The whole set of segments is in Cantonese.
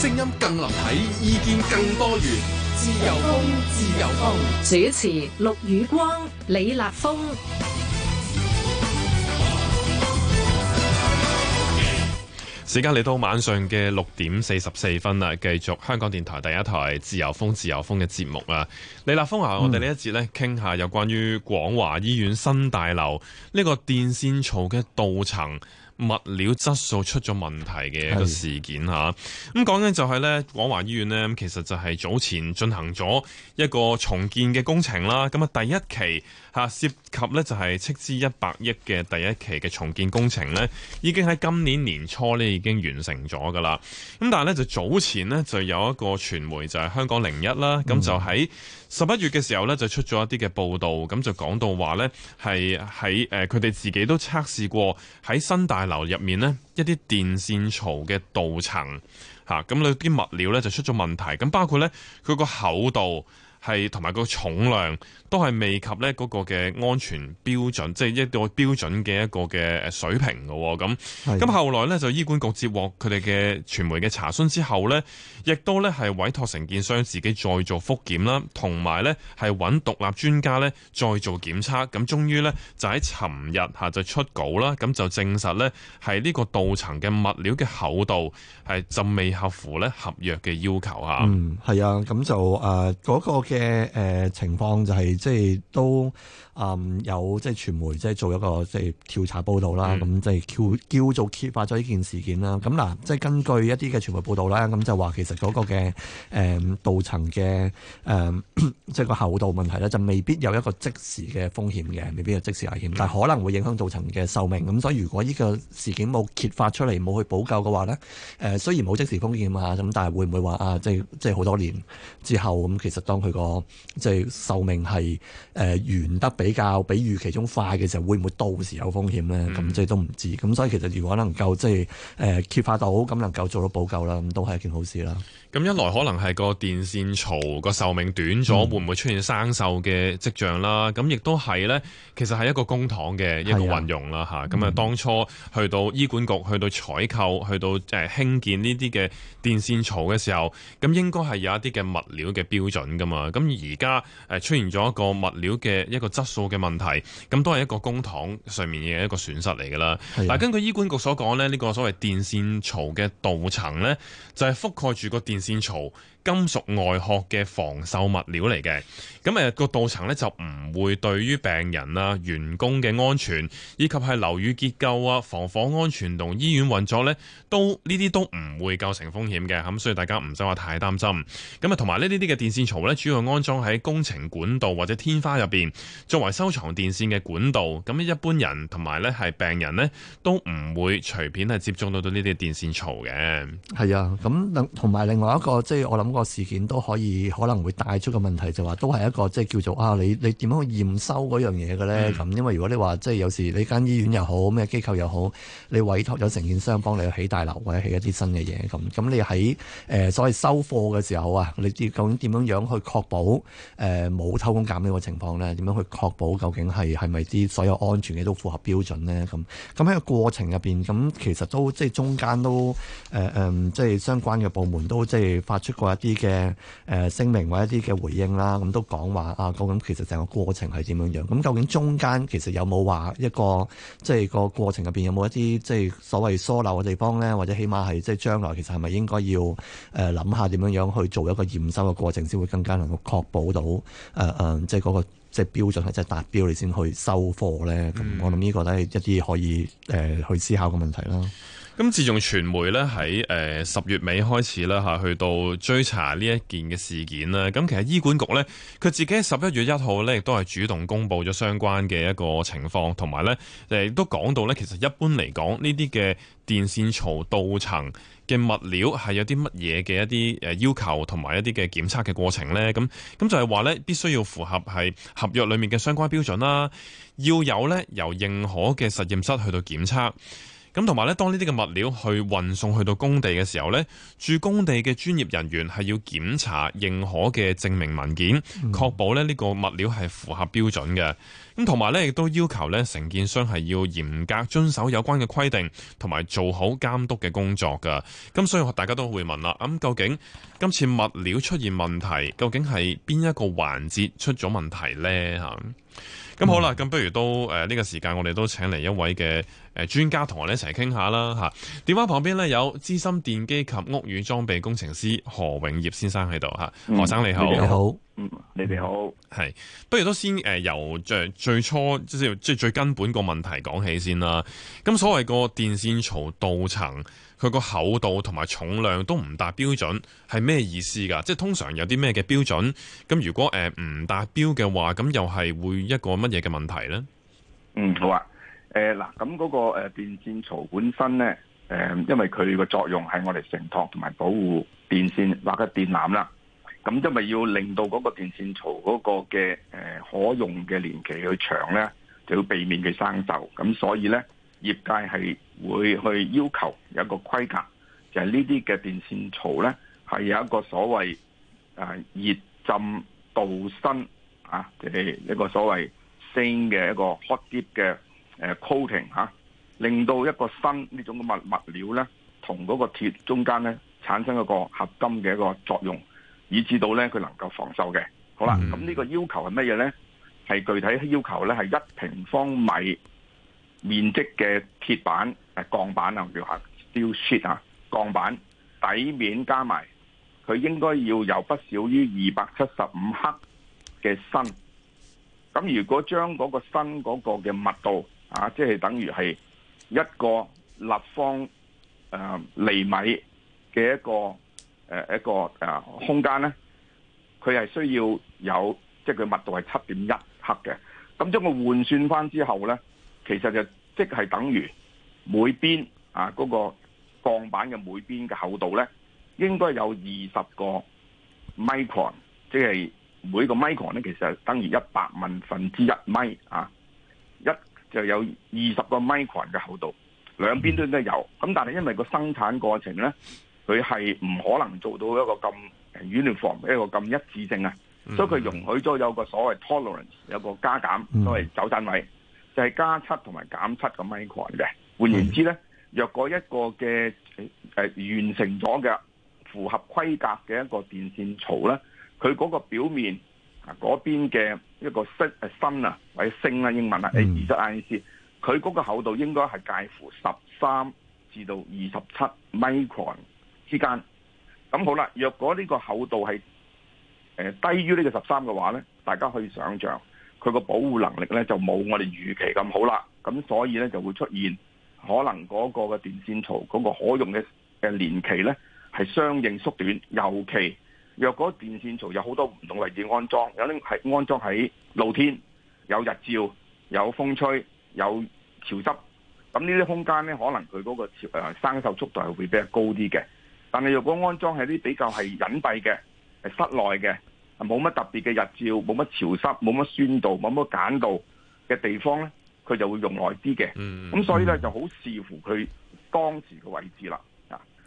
聲音更立體，意見更多元。自由風，自由風。主持：陸宇光、李立峰。時間嚟到晚上嘅六點四十四分啦，繼續香港電台第一台自由風《自由風》《自由風》嘅節目啊！李立峰啊，嗯、我哋呢一節呢，傾下有關於廣華醫院新大樓呢個電線槽嘅鍍層。物料質素出咗問題嘅一個事件吓，咁講緊就係呢，廣華醫院呢，其實就係早前進行咗一個重建嘅工程啦。咁啊，第一期涉及呢，就係斥資一百億嘅第一期嘅重建工程呢，已經喺今年年初呢已經完成咗㗎喇。咁但係呢，就早前呢，就有一個傳媒就係香港零一啦，咁就喺十一月嘅時候咧，就出咗一啲嘅報導，咁就講到話咧，係喺誒佢哋自己都測試過喺新大樓入面呢，一啲電線槽嘅鍍層嚇，咁佢啲物料咧就出咗問題，咁包括咧佢個厚度。係同埋個重量都係未及咧嗰個嘅安全標準，即係一個標準嘅一個嘅水平嘅。咁咁後來呢，就醫管局接獲佢哋嘅傳媒嘅查詢之後呢，亦都呢係委託承建商自己再做複檢啦，同埋呢係揾獨立專家呢再做檢測。咁終於呢，就喺尋日吓就出稿啦，咁就證實呢係呢個鍍層嘅物料嘅厚度係就未合乎呢合約嘅要求吓。嗯，係啊，咁就誒嗰、呃那個嘅。嘅誒，情況就係即係都嗯，有即係傳媒即係做一個即係調查報道啦，咁即係叫叫做揭發咗呢件事件啦。咁，嗱，即係根據一啲嘅傳媒報道啦，咁就話其實嗰個嘅誒鍍層嘅誒、嗯、即係個厚度問題咧，就未必有一個即時嘅風險嘅，未必有即時危險，但係可能會影響鍍層嘅壽命。咁所以如果呢個事件冇揭發出嚟，冇去補救嘅話咧，誒雖然冇即時風險啊，咁但係會唔會話啊？即係即係好多年之後咁，其實當佢。個即係壽命係誒完得比較比預期中快嘅時候，會唔會到時有風險咧？咁即係都唔知道。咁所以其實如果能夠即係誒揭發到，咁能夠做到補救啦，咁都係一件好事啦。咁一來可能係個電線槽個壽命短咗，嗯、會唔會出現生鏽嘅跡象啦？咁亦都係咧，其實係一個公帑嘅一個運用啦，吓。咁啊，嗯、當初去到醫管局，去到採購，去到誒興建呢啲嘅電線槽嘅時候，咁應該係有一啲嘅物料嘅標準噶嘛？咁而家誒出現咗一個物料嘅一個質素嘅問題，咁都係一個公帑上面嘅一個損失嚟㗎啦。嗱的，根據醫管局所講咧，呢個所謂電線槽嘅鍍層咧，就係、是、覆蓋住個電線槽金屬外殼嘅防鏽物料嚟嘅。咁誒個鍍層咧就唔會對於病人啊、員工嘅安全，以及係樓宇結構啊、防火安全同醫院運作咧，都呢啲都唔會構成風險嘅。咁所以大家唔使話太擔心。咁啊同埋呢呢啲嘅電線槽咧，主要。安裝喺工程管道或者天花入邊，作為收藏電線嘅管道。咁一般人同埋咧係病人咧，都唔會隨便係接觸到到呢啲電線槽嘅。係啊，咁同埋另外一個即係、就是、我諗個事件都可以可能會帶出個問題，就是是個。就話都係一個即係叫做啊，你你點樣去驗收嗰樣嘢嘅咧？咁、嗯、因為如果你話即係有時你間醫院又好咩機構又好，你委託咗承建商幫你去起大樓或者起一啲新嘅嘢咁，咁你喺誒、呃、所謂收貨嘅時候啊，你究竟點樣樣去確保。保誒冇、呃、偷工減料嘅情況咧，點樣去確保究竟係係咪啲所有安全嘅都符合標準咧？咁咁喺個過程入邊，咁其實都即係中間都誒誒、呃嗯、即係相關嘅部門都即係發出過一啲嘅誒聲明或一啲嘅回應啦。咁都講話啊，究竟其實成個過程係點樣樣，咁究竟中間其實有冇話一個即係個過程入邊有冇一啲即係所謂疏漏嘅地方咧？或者起碼係即係將來其實係咪應該要誒諗、呃、下點樣樣去做一個驗收嘅過程先會更加能夠？確保到誒誒、呃嗯，即係嗰、那個即係標準，即係達標，你先去收貨咧。咁我諗呢個都係一啲可以誒、呃、去思考嘅問題啦。咁、嗯、自從傳媒咧喺誒十月尾開始啦嚇，去到追查呢一件嘅事件啦。咁其實醫管局咧，佢自己十一月一號咧，亦都係主動公布咗相關嘅一個情況，同埋咧亦都講到咧，其實一般嚟講，呢啲嘅電線槽鍍層嘅物料係有啲乜嘢嘅一啲誒要求，同埋一啲嘅檢測嘅過程呢？咁咁就係話咧必須要符合係合約裏面嘅相關標準啦，啊，要有咧由認可嘅實驗室去到檢測，咁同埋咧當呢啲嘅物料去運送去到工地嘅時候咧，駐工地嘅專業人員係要檢查認可嘅證明文件，確保咧呢、呢個物料係符合標準嘅。咁同埋咧，亦都要求咧，承建商係要嚴格遵守有關嘅規定，同埋做好監督嘅工作噶。咁所以大家都會問啦，咁、嗯、究竟今次物料出現問題，究竟係邊一個環節出咗問題呢？吓，咁好啦，咁不如都誒、呢、呃，這個時間我哋都請嚟一位嘅誒專家同我哋一齊傾下啦，吓、啊。電話旁邊呢，有資深電機及屋宇裝備工程師何永業先生喺度吓，何生你好。你好你哋好。係，不如都先誒，由最，最初即係最，最根本個問題講起先啦。咁所謂個電線槽鍍層，佢個厚度同埋重量都唔達標準，係咩意思㗎？即係通常有啲咩嘅標準？咁如果誒唔、呃、達標嘅話，咁又係會一個乜嘢嘅問題呢？嗯，好啊。誒、呃、嗱，咁嗰、嗰個誒、呃、電線槽本身呢，誒、呃，因為佢個作用係我哋承托同埋保護電線或者電纜啦。咁即係要令到嗰個電線槽嗰個嘅誒可用嘅年期去長咧，就要避免佢生銹。咁所以咧，業界係會去要求有一個規格，就係呢啲嘅電線槽咧，係有一個所謂誒熱浸鍍鋅啊，即係一個所謂鋅嘅一個 hot dip 嘅誒 coating 吓、啊，令到一個鋅呢種嘅物物料咧，同嗰個鐵中間咧產生一個合金嘅一個作用。以至到咧佢能夠防銹嘅。好啦，咁呢個要求係乜嘢咧？係具體要求咧係一平方米面積嘅鐵板、鋼板啊，叫嚇 steel sheet 啊，鋼板底面加埋，佢應該要有不少於二百七十五克嘅鋅。咁如果將嗰個鋅嗰個嘅密度啊，即係等於係一個立方誒釐、呃、米嘅一個。誒一個誒空間咧，佢係需要有即係佢密度係七點一克嘅，咁將佢換算翻之後咧，其實就即係等於每邊啊嗰個鋼板嘅每邊嘅厚度咧，應該有二十個 micron，即係每個 micron 咧其實係等於一百萬分之一米啊，一就有二十個 micron 嘅厚度，兩邊都應該有，咁但係因為個生產過程咧。佢係唔可能做到一個咁 uniform 一個咁一致性啊，嗯、所以佢容許咗有個所謂 tolerance，有個加減都係走盞位，嗯、就係加七同埋減七個 micron 嘅。換言之咧，嗯、若果一個嘅、呃、完成咗嘅符合規格嘅一個電線槽咧，佢嗰個表面啊嗰邊嘅一個色誒身啊或者升啦、啊、英文啊 zinc，佢嗰個厚度應該係介乎十三至到二十七 micron。之間，咁好啦。若果呢個厚度係低於呢個十三嘅話咧，大家可以想象佢個保護能力呢就冇我哋預期咁好啦。咁所以呢，就會出現可能嗰個嘅電線槽嗰個可用嘅嘅年期呢係相應縮短。尤其若果電線槽有好多唔同位置安裝，有啲係安裝喺露天，有日照、有風吹、有潮濕，咁呢啲空間呢，可能佢嗰個、呃、生鏽速度係會比較高啲嘅。但係，如果安裝喺啲比較係隱蔽嘅、係室內嘅、冇乜特別嘅日照、冇乜潮濕、冇乜酸度、冇乜鹼度嘅地方咧，佢就會用耐啲嘅。咁所以咧就好視乎佢當時嘅位置啦。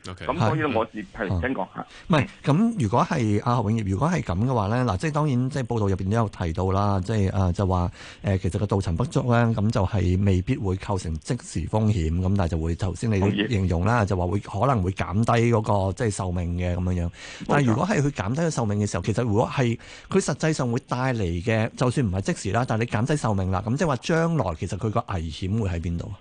咁所以我只係嚟聽講下唔係，咁如果係阿何永業，如果係咁嘅話咧，嗱，即係當然，即係報道入面都有提到啦，即係、呃、就話、呃、其實個鍍層不足咧，咁就係未必會構成即時風險，咁但係就會頭先你形容啦，嗯、就話會可能會減低嗰、個即係壽命嘅咁樣樣。但係如果係佢減低咗壽命嘅時候，其實如果係佢實際上會帶嚟嘅，就算唔係即時啦，但係你減低壽命啦，咁即係話將來其實佢個危險會喺邊度？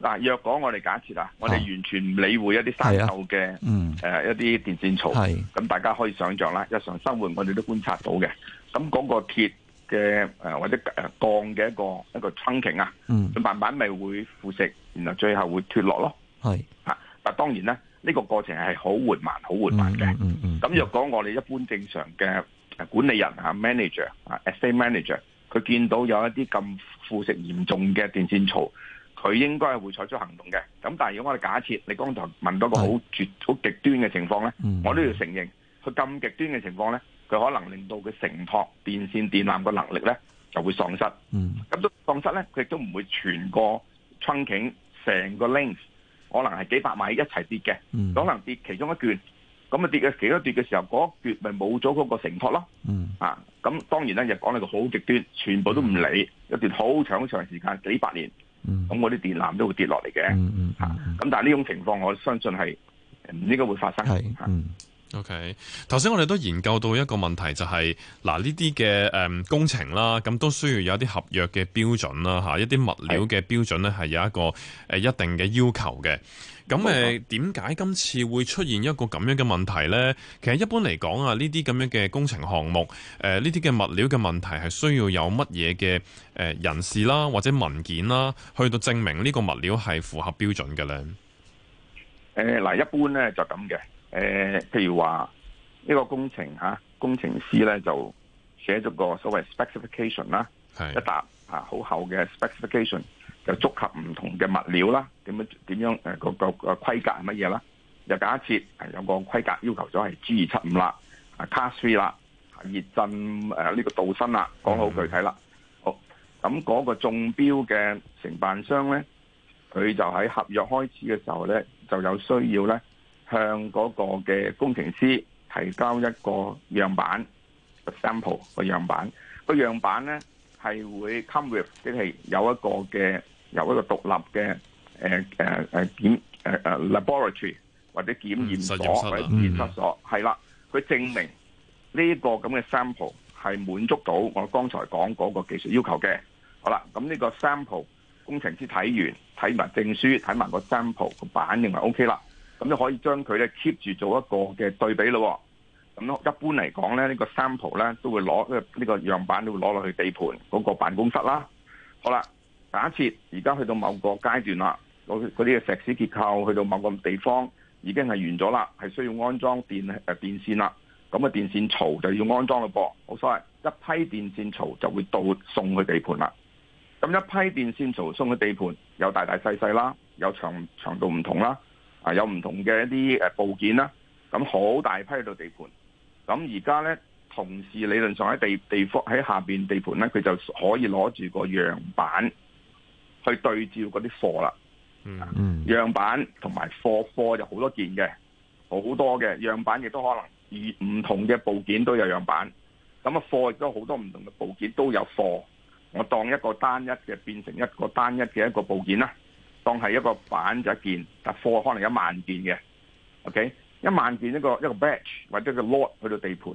嗱，若果我哋假設啊，我哋完全唔理會一啲生鏽嘅誒一啲電線槽，咁、啊啊嗯、大家可以想像啦，日常生活我哋都觀察到嘅。咁嗰個鐵嘅誒或者誒鋼嘅一個一個 trunking 啊，佢慢慢咪會腐蝕，然後最後會脫落咯。係啊是，但當然咧，呢、這個過程係好緩慢，好緩慢嘅。咁、嗯嗯嗯、若果我哋一般正常嘅管理人啊，manager 啊，estate manager，佢見到有一啲咁腐蝕嚴重嘅電線槽。佢應該係會採取行動嘅。咁但係如果我哋假設你剛才問到個好絕好極是端嘅情況咧，嗯、我都要承認，佢咁極端嘅情況咧，佢可能令到佢承托電線電纜嘅能力咧就會喪失。咁、嗯、都喪失咧，佢亦都唔會全個 trunking 成個 link 可能係幾百米一齊跌嘅，嗯、可能跌其中一段，咁啊跌嘅幾多段嘅時候，嗰一段咪冇咗嗰個承托咯。嗯、啊，咁當然咧又講個好極端，全部都唔理、嗯、一段好長好長時間幾百年。嗯，咁啲電纜都會跌落嚟嘅，吓、嗯、咁、嗯嗯、但係呢種情況，我相信係唔應該會發生嘅。係，嗯，係，OK。頭先我哋都研究到一個問題，就係，就係嗱，呢啲嘅誒工程啦，咁都需要有一啲合約嘅標準啦，吓，一啲物料嘅標準咧係有一個誒一定嘅要求嘅。咁誒點解今次會出現一個咁樣嘅問題呢？其實一般嚟講啊，呢啲咁樣嘅工程項目，誒呢啲嘅物料嘅問題係需要有乜嘢嘅誒人士啦，或者文件啦，去到證明呢個物料係符合標準嘅呢？誒嗱、呃，一般呢就咁嘅。誒、呃，譬如話呢、呢個工程嚇、啊，工程師呢就寫咗個所謂 specification 啦是，一沓嚇好厚嘅 specification。就觸及唔同嘅物料啦，點樣點樣誒個個個規格係乜嘢啦？又假設係有個規格要求咗係 G 二七五啦，係 Class Three 啦，熱浸誒呢個鍍鋅啦，講、嗯、好具體啦。好，咁嗰個中標嘅承辦商咧，佢就喺合約開始嘅時候咧，就有需要咧向嗰個嘅工程師提交一個樣板，sample 個樣板個樣板咧係會 come with 即係有一個嘅。由一個獨立嘅誒誒誒檢誒誒 laboratory 或者檢驗所，嗯、驗室，或者檢測所係啦，佢、嗯、證明呢個咁嘅 sample 係滿足到我剛才講嗰個技術要求嘅。好啦，咁呢個 sample 工程師睇完睇埋證書，睇埋個 sample 個板認為 OK 啦，咁就可以將佢咧 keep 住做一個嘅對比咯。咁一般嚟講咧，這個，呢個 sample 咧都會攞呢個呢個樣板都會攞落去地盤嗰個辦公室啦。好啦。假設而家去到某個階段啦，嗰嗰啲嘅石屎結構去到某個地方已經係完咗啦，係需要安裝電誒電線啦，咁啊電線槽就要安裝啦噃，好，所謂一批電線槽就會到送去地盤啦。咁一批電線槽送去地盤，有大大細細啦，有長，長度唔同啦，啊有唔同嘅一啲誒部件啦，咁好大批到地盤。咁而家咧，同事理論上喺地地方喺下邊地盤咧，佢就可以攞住個樣板。去對照嗰啲貨啦，嗯、啊，樣板同埋貨，貨就好多件嘅，好多嘅樣板亦都可能，而唔同嘅部件都有樣板。咁啊，貨亦都好多唔同嘅部件都有貨。我當一個單一嘅變成一個單一嘅一個部件啦，當係一個板就一件，但貨可能有一萬件嘅，OK，一萬件一個一個 batch 或者個 load 去到地盤。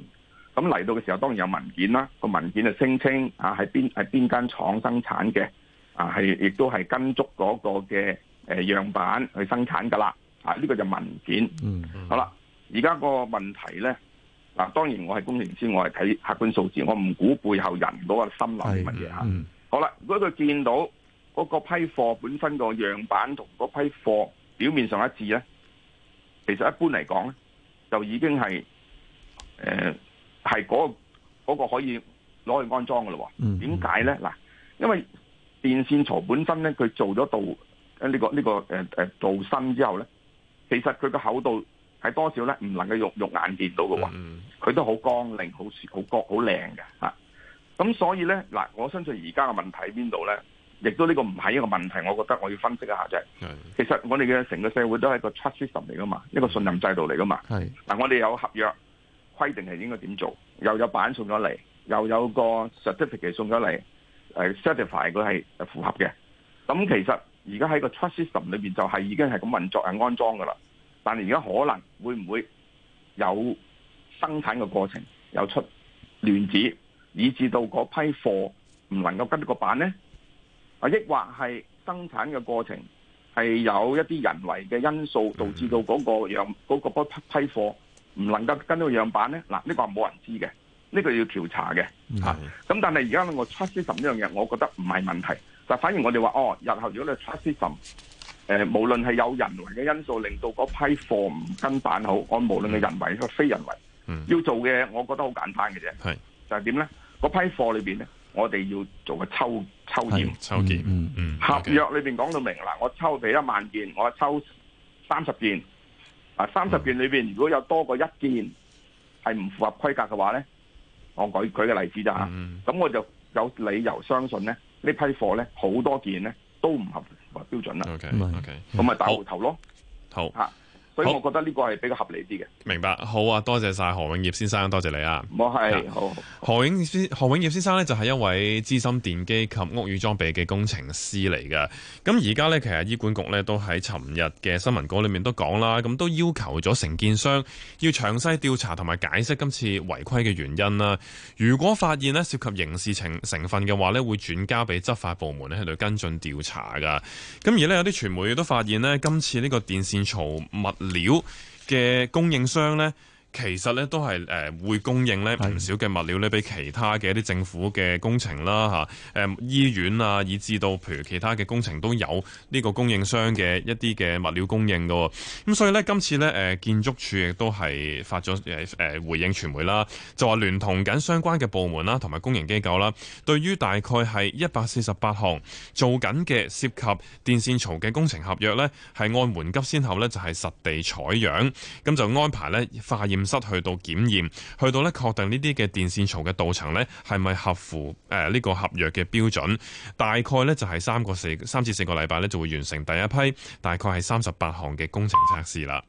咁嚟到嘅時候，當然有文件啦，個文件就聲稱啊，係邊係邊間廠生產嘅。啊，係亦都係跟足嗰個嘅誒、呃、樣板去生產噶啦，啊呢、啊這個就文件。嗯、mm，hmm. 好啦，而家個問題咧，嗱、啊，當然我係工程師，我係睇客觀數字，我唔估背後人嗰個心諗係乜嘢吓。Mm hmm. 好啦，如果佢見到嗰個批貨本身個樣板同嗰批貨表面上一致咧，其實一般嚟講咧就已經係誒係嗰嗰個可以攞去安裝噶咯。點解咧？嗱、hmm.，因為電線槽本身咧，佢做咗道，呢、呢個呢、呢個誒道、呃、身之後咧，其實佢個厚度係多少咧，唔能夠肉肉眼見到嘅喎，佢都好光令好好角、好靚嘅吓，咁所以咧嗱，我相信而家嘅問題喺邊度咧？亦都呢個唔係一個問題，我覺得我要分析一下啫。的其實我哋嘅成個社會都係個 trust system 嚟噶嘛，一個信任制度嚟噶嘛。嗱的，我哋有合約規定係應該點做，又有板送咗嚟，又有個 certificate 送咗嚟。誒 certify 佢係符合嘅，咁其實而家喺個 trust system 裏邊就係已經係咁運作、係安裝㗎啦。但係而家可能會唔會有生產嘅過程有出亂子，以致到嗰批貨唔能夠跟呢個板呢？啊，抑或係生產嘅過程係有一啲人為嘅因素導致到嗰個樣嗰個批批貨唔能夠跟到樣板呢？嗱，呢個係冇人知嘅。呢個要調查嘅，吓、啊、咁但係而家我測試呢樣嘢，我覺得唔係問題，但反而我哋話哦，日後如果你測試誒，無論係有人為嘅因素令到嗰批貨唔跟辦好，我無論係人為或、嗯、非人為，嗯、要做嘅，我覺得好簡單嘅啫，係就係點咧？嗰批貨裏邊咧，我哋要做個抽抽檢，抽檢，嗯嗯，合約裏邊講到明啦、嗯嗯 okay，我抽俾一萬件，我抽三十件，啊，三十件裏邊、嗯、如果有多過一件係唔符合規格嘅話咧？我舉舉個例子咋嚇，咁、嗯、我就有理由相信咧，批貨呢批貨咧好多件咧都唔合標準啦。OK，OK，咁咪，打回頭咯，好嚇。好啊。所以我覺得呢個係比較合理啲嘅。明白，好啊，多謝晒何永業先生，多謝你啊。我係，好，好，好何永先何永業先生呢，就係、是、一位資深電機及屋宇裝備嘅工程師嚟㗎。咁而家呢，其實醫管局呢都喺尋日嘅新聞稿裏面都講啦，咁都要求咗承建商要詳細調查同埋解釋今次違規嘅原因啦。如果發現呢涉及刑事情成分嘅話呢，會轉交俾執法部門呢喺度跟進調查噶。咁而呢有啲傳媒亦都發現呢，今次呢個電線槽密料嘅供應商咧。其實咧都係誒會供應咧唔少嘅物料咧，俾其他嘅一啲政府嘅工程啦吓誒醫院啊，以至到譬如其他嘅工程都有呢個供應商嘅一啲嘅物料供應噶。咁所以咧今次咧誒建築署亦都係發咗誒誒回應傳媒啦，就話聯同緊相關嘅部門啦，同埋公營機構啦，對於大概係一百四十八項做緊嘅涉及電線槽嘅工程合約咧，係按緩急先後咧就係實地採樣，咁就安排咧化驗。失去到檢驗，去到咧確定呢啲嘅電線槽嘅鍍層咧係咪合乎誒呢、呃這個合約嘅標準？大概咧就係三個四三至四個禮拜咧就會完成第一批，大概係三十八項嘅工程測試啦。